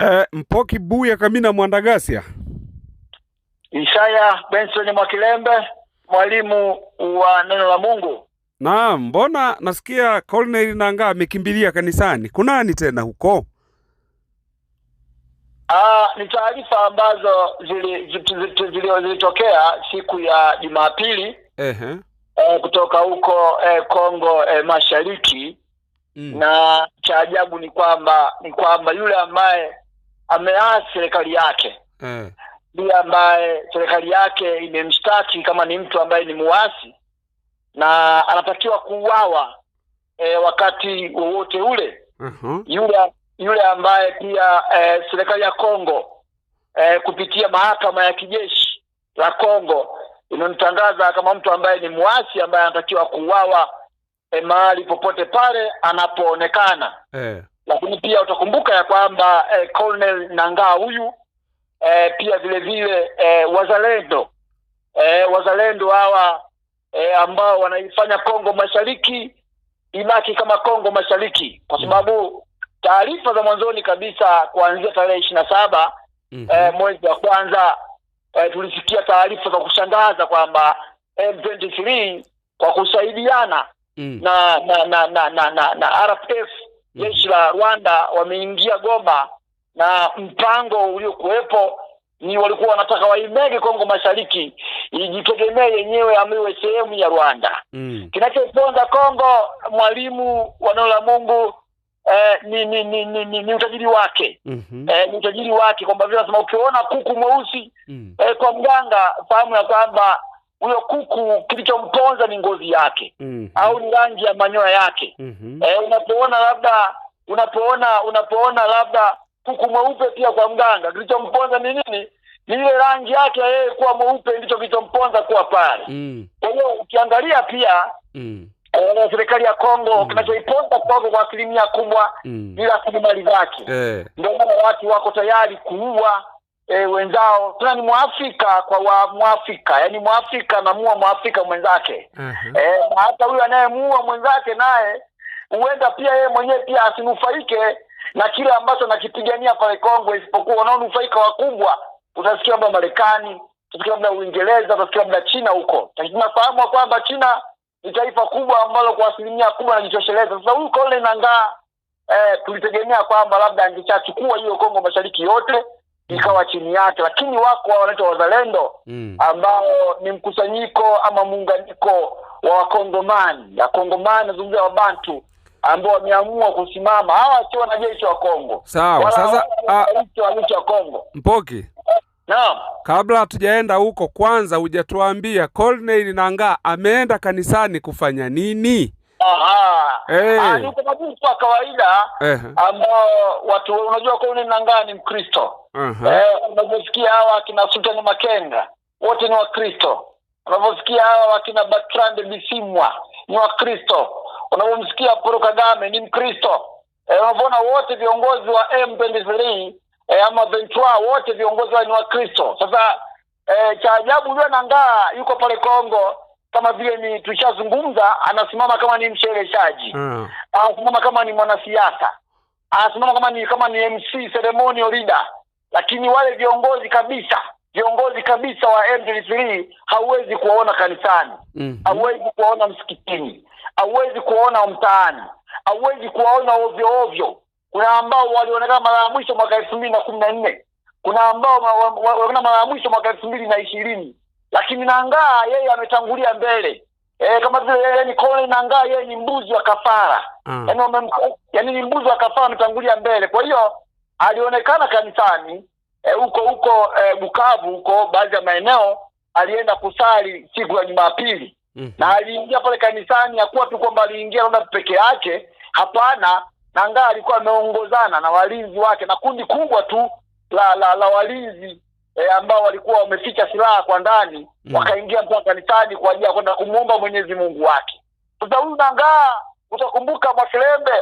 Eh, Mpoki Buya Kamina Mwandagasia, Isaya Benson Mwakilembe, mwalimu wa neno la Mungu. Naam, mbona nasikia Colonel Nangaa amekimbilia kanisani, kunani tena huko? Ah, ni taarifa ambazo zilitokea zili, siku ya Jumapili eh, kutoka huko eh, Kongo eh, Mashariki mm. Na cha ajabu ni kwamba ni kwamba yule ambaye ameasi serikali yake mm. ambaye serikali yake imemshtaki kama ni mtu ambaye ni muasi na anatakiwa kuuawa e, wakati wowote ule mm-hmm. yule yule ambaye pia e, serikali ya Kongo e, kupitia mahakama ya kijeshi la congo imemtangaza kama mtu ambaye ni muasi ambaye anatakiwa kuuawa e, mahali popote pale anapoonekana eh lakini pia utakumbuka ya kwamba eh, Colonel Nangaa huyu eh, pia vile vile eh, wazalendo eh, wazalendo hawa eh, ambao wanaifanya Kongo Mashariki ibaki kama Kongo Mashariki kwa mm. sababu taarifa za mwanzoni kabisa kuanzia tarehe ishirini na saba mm -hmm. eh, mwezi wa kwanza eh, tulisikia taarifa za kushangaza kwamba M23 kwa kusaidiana mm. na, na, na, na, na, na, na RPF jeshi la Rwanda wameingia Goma na mpango uliokuwepo ni walikuwa wanataka waimege Kongo Mashariki ijitegemee yenyewe, amiwe sehemu ya Rwanda mm. Kinachoponda Kongo, mwalimu wa neno la Mungu eh, ni, ni, ni, ni, ni, ni utajiri wake mm -hmm. Eh, ni utajiri wake kwamba vile nasema, ukiona kuku mweusi mm. eh, kwa mganga fahamu ya kwamba huyo kuku kilichomponza ni ngozi yake mm -hmm. au ni rangi ya manyoya yake mm -hmm. E, unapoona labda unapoona unapoona labda kuku mweupe pia kwa mganga kilichomponza ni nini? Ni ile rangi yake yeye kuwa mweupe ndicho kilichomponza kuwa pale. mm. Kwa hiyo ukiangalia pia mm. E, serikali ya Kongo mm. kinachoiponza Kongo kwa asilimia kubwa mm. ni mm. rasilimali zake eh. Ndio maana watu wako tayari kuua e, wenzao tena ni mwafrika kwa wa mwafrika yaani mwafrika anamua mwafrika mwenzake mm-hmm. e, na hata huyu anayemua mwenzake naye huenda pia yeye mwenyewe pia asinufaike na kile ambacho nakipigania pale Kongo, isipokuwa wanaonufaika wakubwa utasikia labda Marekani, utasikia labda Uingereza, utasikia labda China huko. Tunafahamu kwamba China ni taifa kubwa ambalo kwa asilimia kubwa anajitosheleza. Sasa huyu Colonel Nangaa eh, tulitegemea kwamba labda angechachukua hiyo Kongo Mashariki yote ikawa chini yake, lakini wako wanaitwa wazalendo mm. ambao ni mkusanyiko ama muunganiko wa Wakongomani. Wakongomani nazungumzia Wabantu ambao wameamua kusimama, hawa wakiwa wanajeshi wa Kongo. Sawa, sasa ah, wananchi wa Kongo. Mpoki, naam, kabla hatujaenda huko, kwanza hujatuambia colonel Nangaa ameenda kanisani kufanya nini? Aha. Hey. Eh. Ah, ni utamatifu kawaida eh. ambao watu unajua, Corneille Nangaa ni Mkristo Eh, unavyosikia hawa akina Sultani Makenga wote ni Wakristo. Unavyosikia hawa akina Bertrand Bisimwa ni Wakristo. Unavyomsikia Paul Kagame ni Mkristo. Eh, unavyoona wote viongozi wa M23 eh, ama ventua wote viongozi wa ni Wakristo. Sasa e, cha ajabu huyo Nangaa yuko pale Kongo kama vile ni tushazungumza, anasimama kama ni mshereheshaji mm. anasimama kama ni mwanasiasa, anasimama kama ni kama ni MC ceremonial leader lakini wale viongozi kabisa viongozi kabisa wa M23 hauwezi kuwaona kanisani mm -hmm. kuwaona msikitini, hauwezi kuwaona mtaani, hauwezi kuwaona ovyo ovyo. Kuna ambao walionekana mara ya mwisho mwaka elfu mbili na kumi na nne kuna ambao walionekana mara ya mwisho mwaka elfu mbili na ishirini lakini Nangaa yeye ametangulia mbele e, kama vile eh, ni Kole Nangaa yeye ni mbuzi wa kafara mm. ni mbuzi wa kafara ametangulia mbele, kwa hiyo alionekana kanisani eh, huko e, huko e, Bukavu huko baadhi ya maeneo alienda kusali siku ya Jumapili mm -hmm. na aliingia pale kanisani, hakuwa tu kwamba aliingia labda peke yake, hapana, na alikuwa ameongozana na walinzi wake na kundi kubwa tu la la, la walinzi e, ambao walikuwa wameficha silaha kwa ndani mm -hmm. wakaingia mpaka kanisani kwa ajili ya kwenda kumuomba Mwenyezi Mungu wake. Sasa huyu Nangaa, utakumbuka Mwakilembe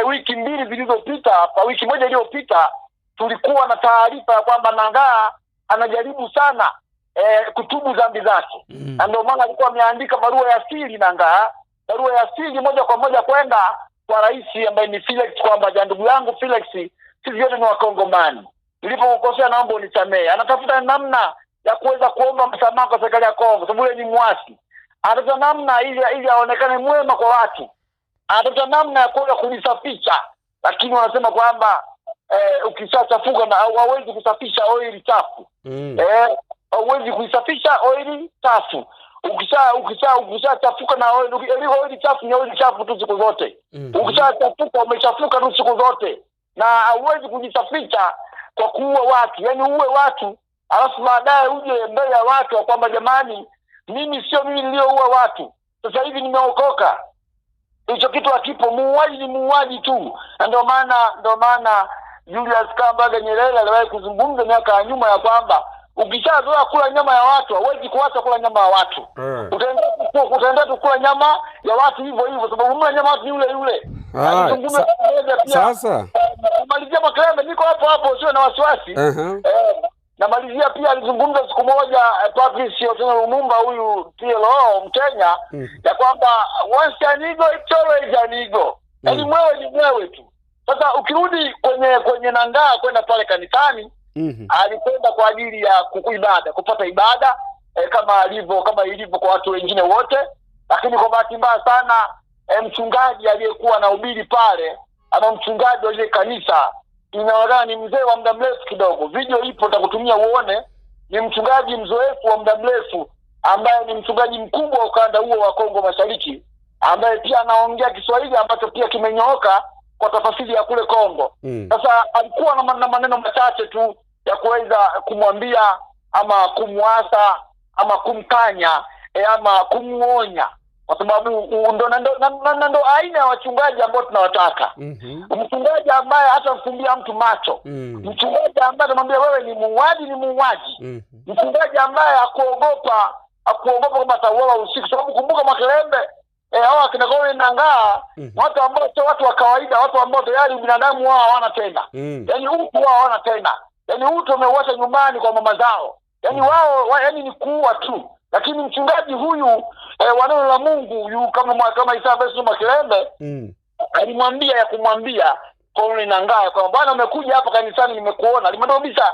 e, wiki mbili zilizopita hapa, wiki moja iliyopita tulikuwa na taarifa ya kwamba Nangaa anajaribu sana e, kutubu dhambi zake mm. na ndio maana alikuwa ameandika barua ya siri Nangaa, barua ya siri moja kwa moja kwenda kwa rais ambaye ni Felix kwamba ja, ndugu yangu Felix, sisi wote ni Wakongomani, nilipokukosea naomba unisamehe. Anatafuta namna ya kuweza kuomba msamaha kwa serikali ya Kongo, sababu yeye ni mwasi. Anatafuta namna ili ili aonekane mwema kwa watu anatafuta namna ya kuweza kujisafisha, lakini wanasema kwamba eh, ukishachafuka na hauwezi kusafisha oili chafu mm. eh, hauwezi kuisafisha oili chafu ukisha ukisha ukishachafuka na oili, eh, oili chafu ni oili chafu tu siku zote mm. ukishachafuka umechafuka tu siku zote na hauwezi kujisafisha kwa kuua watu, yani uue watu alafu baadaye uje mbele ya watu kwamba jamani, mimi sio mimi niliyoua watu, sasa hivi nimeokoka hicho kitu hakipo. Muuaji ni muuaji tu, na ndio maana ndio maana Julius Kambarage Nyerere aliwahi kuzungumza miaka ya nyuma ya kwamba ukishazoea kula nyama ya watu hauwezi kuacha kula nyama ya watu mm. Utaendelea tu kula nyama ya watu hivyo hivyo, sababu mla nyama watu ni yule yule. Sasa eh, malizia Makerere, niko hapo hapo, sio na wasiwasi uh -huh. eh, namalizia pia alizungumza siku moja eh, Patrice Otieno Lumumba huyu TLO Mkenya mm. ya kwamba once an ego it's always an ego mm. yaani mwewe ni mwewe tu sasa ukirudi kwenye kwenye nangaa kwenda pale kanisani mm -hmm. alikwenda kwa ajili ya ibada kupata ibada eh, kama alivyo kama ilivyo kwa watu wengine wote lakini kwa bahati mbaya sana eh, mchungaji aliyekuwa na ubili pale ama mchungaji wa ile kanisa inaonekana ni mzee wa muda mrefu kidogo. Video ipo, takutumia uone. Ni mchungaji mzoefu wa muda mrefu ambaye ni mchungaji mkubwa wa ukanda huo wa Kongo Mashariki, ambaye pia anaongea Kiswahili ambacho pia kimenyooka kwa tafasili ya kule Kongo. Mm. Sasa mm. alikuwa na maneno machache tu ya kuweza kumwambia ama kumwasa ama kumkanya e, ama kumuonya kwa sababu ndo na ndo aina ya wachungaji ambao tunawataka. mm -hmm. Mchungaji ambaye hata mfumbia mtu macho. mm -hmm. Mchungaji ambaye anamwambia wewe ni muuaji, ni muuaji. mm -hmm. Mchungaji ambaye akuogopa, akuogopa kwamba atauawa usiku, sababu kumbuka makelembe eh, hao akina Godwin Nangaa mm -hmm. watu ambao sio watu wa kawaida, watu ambao tayari binadamu wao hawana tena. mm -hmm. yani utu wao hawana tena, yani utu wameuacha nyumbani kwa mama zao, -hmm. wao wa, yaani ni kuua tu lakini mchungaji huyu eh, wa neno la Mungu yu kama kama Isaya Basoma Makirembe mm. alimwambia ya kumwambia Koloni Nangaa kwamba bwana, umekuja hapa kanisani, nimekuona. Alimwambia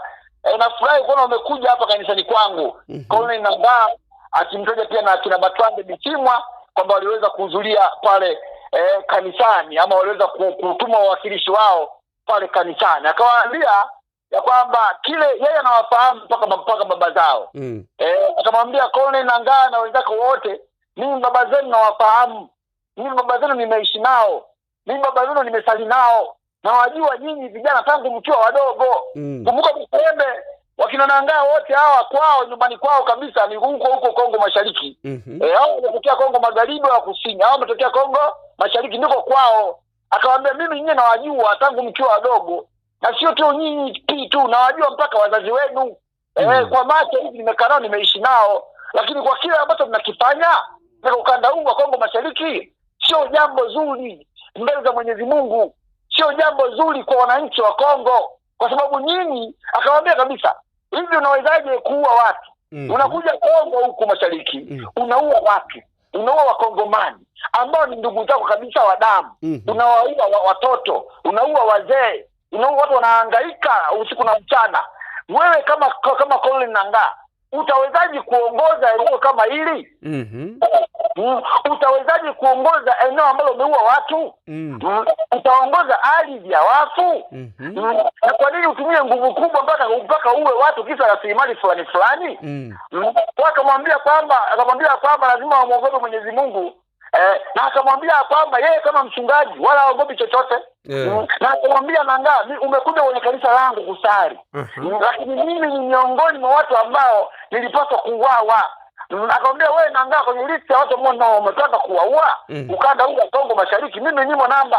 eh, nafurahi kuona umekuja hapa kanisani kwangu. mm -hmm. Koloni Nangaa akimtaja pia na akina Batwande Bichimwa kwamba waliweza kuhudhuria pale eh, kanisani ama waliweza kutuma wawakilishi wao pale kanisani, akawaambia ya kwamba kile yeye anawafahamu mpaka mpaka baba zao mm. Eh, akamwambia Corneille Nangaa na wenzako wote, mimi baba zenu nawafahamu, mimi baba zenu nimeishi nao, mimi baba zenu nimesali nao, nawajua nyinyi vijana tangu mkiwa wadogo mm. Kumbuka wakina Nangaa wote hawa kwao nyumbani kwao kabisa ni huko huko Kongo Mashariki mm -hmm. Eh, hao wametokea Kongo Magharibi au Kusini, hao wametokea Kongo Mashariki ndiko kwao. Akawaambia mimi nyinyi nawajua tangu mkiwa wadogo na sio tu nyinyi tu, nawajua mpaka wazazi wenu eh, mm. E, kwa macho hivi nimekaa nao nimeishi nao, lakini kwa kile ambacho mnakifanya katika ukanda huu wa Kongo Mashariki sio jambo zuri mbele za Mwenyezi Mungu, sio jambo zuri kwa wananchi wa Kongo, kwa sababu nyinyi, akawaambia kabisa, hivi unawezaje kuua watu mm -hmm. unakuja Kongo huku mashariki mm -hmm. unaua watu unaua wakongomani ambao ni ndugu zako kabisa wa damu mm -hmm. unawaua watoto unaua wazee know, watu wanahangaika usiku na mchana. Wewe kama kama Colin Nangaa utawezaji kuongoza eneo kama hili? mm -hmm. Mm, kuongoza eneo ambalo umeua watu? mm. Mm, utaongoza ardhi ya watu? mm -hmm. Mm, na kwa nini utumie nguvu kubwa mpaka mpaka uwe watu kisa rasilimali fulani fulani? mm. Mm, akamwambia kwamba akamwambia kwamba lazima wamwogope Mwenyezi Mungu eh, na akamwambia kwamba yeye kama mchungaji wala aogopi chochote yeah. na akamwambia Nangaa, umekuja kwenye kanisa langu kusali uh -huh. lakini mimi ni miongoni mwa watu ambao nilipaswa kuwawa Akamwambia wewe Nangaa, kwenye list ya watu ambao umetaka kuwaua mm. ukanda huu wa Kongo Mashariki, mimi nimo namba,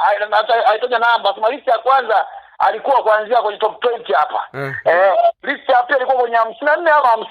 aitaja namba, sema ya kwanza alikuwa kuanzia kwenye top 20 hapa eh, eh list ya pili ilikuwa kwenye 54 ama 58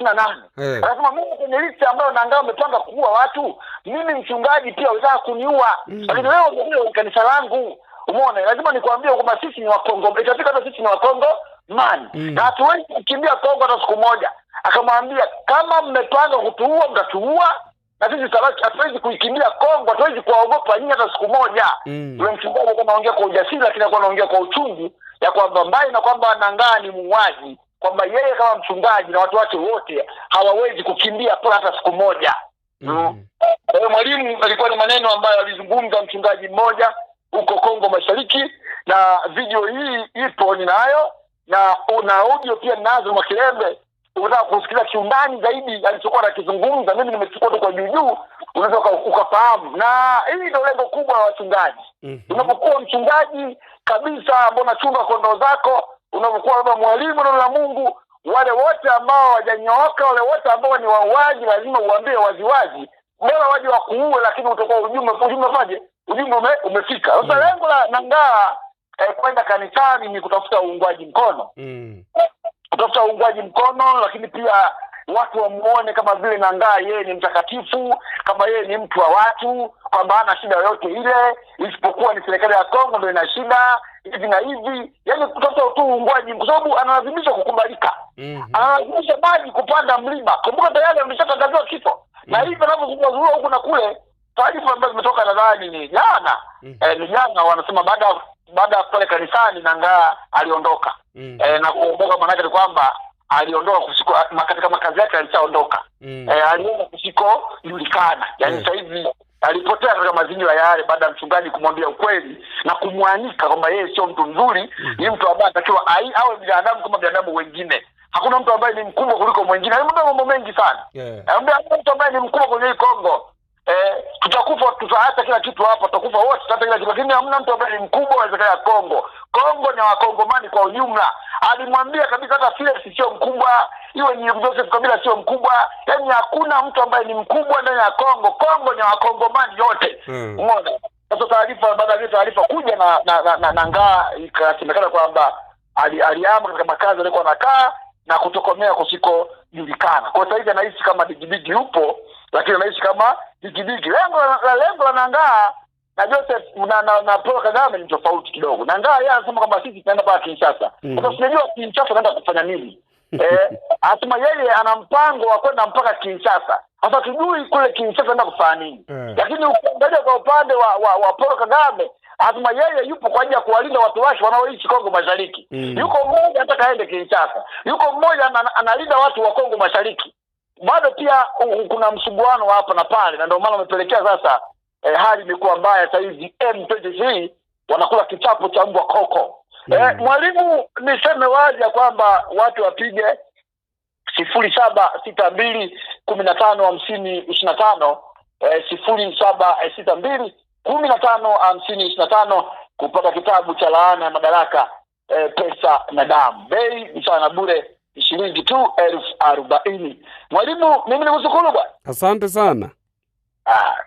eh. Anasema mimi kwenye list ambayo naangaa umepanga kuua watu, mimi mchungaji pia unataka kuniua mm. Lakini wewe umekuja kwenye kanisa langu, umeona, lazima nikwambie kwamba sisi ni Wakongo, itafika hata sisi ni Wakongo man mm. na hatuwezi kukimbia Kongo hata siku moja. Akamwambia kama mmepanga kutuua, mtatuua na sisi sabaki, hatuwezi kuikimbia Kongo, hatuwezi kuwaogopa nyinyi hata siku moja. Mm. Yule mm. mchungaji alikuwa anaongea kwa ujasiri, lakini alikuwa anaongea kwa uchungu ya kwamba mbali na kwamba Anangaa ni muuaji, kwamba yeye kama mchungaji na watu wake wote hawawezi kukimbia pola hata siku moja. Mm. Kwa hiyo mwalimu alikuwa ni maneno ambayo alizungumza mchungaji mmoja huko Kongo Mashariki, na video hii ipo ninayo na una audio pia ninazo Mwakilembe, Unataka kusikiliza kiundani zaidi alichokuwa anakizungumza, mimi nimechukua tu kwa juu, unaweza ukafahamu, na hii ndio lengo kubwa la wachungaji. Mm -hmm. Unapokuwa mchungaji kabisa ambao unachunga kondoo zako unavyokuwa labda mwalimu neno la Mungu wale wote ambao wajanyooka, wale wote ambao ni wauaji, lazima uambie waziwazi. Bora waje wakuue, lakini utakuwa ujumbe ujumbe faje ujumbe ume, umefika. Sasa mm. lengo la Nangaa eh, kwenda kanisani ni kutafuta uungwaji mkono mm. kutafuta uungwaji mkono, lakini pia watu wamuone kama vile Nangaa yeye ni mtakatifu, kama yeye ni mtu wa watu, kwamba hana shida yoyote ile, isipokuwa ni serikali ya Kongo ndio ina shida hivi na hivi, yani kutafuta tu uungwaji, kwa sababu analazimishwa kukubalika. mm -hmm. Analazimisha maji kupanda mlima. Kumbuka tayari ameshatangaziwa kifo. mm -hmm. na mhm. hivi anavyozungumza huku na kule, taarifa ambayo zimetoka nadhani ni jana mm -hmm. E, ni jana wanasema baada baada ya pale kanisani Nangaa aliondoka. mm -hmm. E, na kuondoka maanake ni kwamba aliondoka kusiko katika makazi yake alishaondoka. Mm. E, kusiko julikana. yani mm. hivi alipotea katika mazingira yale baada ya mchungaji kumwambia ukweli na kumwanika kwamba yeye sio mtu mzuri, mm. ni mtu ambaye atakiwa awe binadamu kama binadamu wengine. Hakuna mtu ambaye ni mkubwa kuliko mwingine. Alimwambia mambo mengi sana. Yeah. mtu ambaye ni mkubwa kwenye Kongo eh, tutakufa tutaacha kila kitu hapa, tutakufa wote, tutaacha kila kitu, lakini hamna mtu ambaye ni mkubwa wa wezekana ya Kongo. Kongo na wakongomani kwa ujumla, alimwambia kabisa hata Felix sio mkubwa, iwe ni Joseph Kabila sio mkubwa, yaani hakuna mtu ambaye ni mkubwa ndani ya Kongo. Kongo ni wakongomani yote, hmm. umeona mm. Sasa taarifa baada ya taarifa kuja na na, na, na, na ngaa ikasemekana kwamba ali, aliama katika makazi alikuwa anakaa na kutokomea kusikojulikana. Kwa sababu hivi anahisi kama Digibigi yupo lakini anaishi kama dikidiki. Lengo la lengo la Nangaa na Joseph na, na, na Paul Kagame ni tofauti kidogo. Nangaa yeye anasema kwamba sisi tunaenda pale Kinshasa. Mm. Sasa tunajua Kinshasa anaenda kufanya nini? eh, anasema yeye ana mpango wa kwenda mpaka Kinshasa. Sasa tujui kule Kinshasa anaenda kufanya nini. Mm. Lakini ukiangalia kwa upande wa wa, wa Paul Kagame Azma yeye yupo kwa ajili ya kuwalinda watu wake wanaoishi Kongo Mashariki. Mm. Yuko mmoja anataka aende Kinshasa. Yuko mmoja analinda watu wa Kongo Mashariki bado pia uh, kuna msuguano hapa na pale, na ndio maana wamepelekea sasa eh, hali imekuwa mbaya sasa hivi M23 wanakula kichapo cha mbwa koko. mm. Eh, hmm. mwalimu, niseme wazi ya kwamba watu wapige sifuri saba sita mbili kumi na tano hamsini ishirini na tano eh, sifuri saba eh, sita mbili kumi na tano hamsini ishirini na tano kupata kitabu cha laana ya madaraka eh, pesa na damu, bei ni na bure shilingi tu elfu arobaini. Mwalimu, mimi ni nikushukuru bwana, asante sana ah.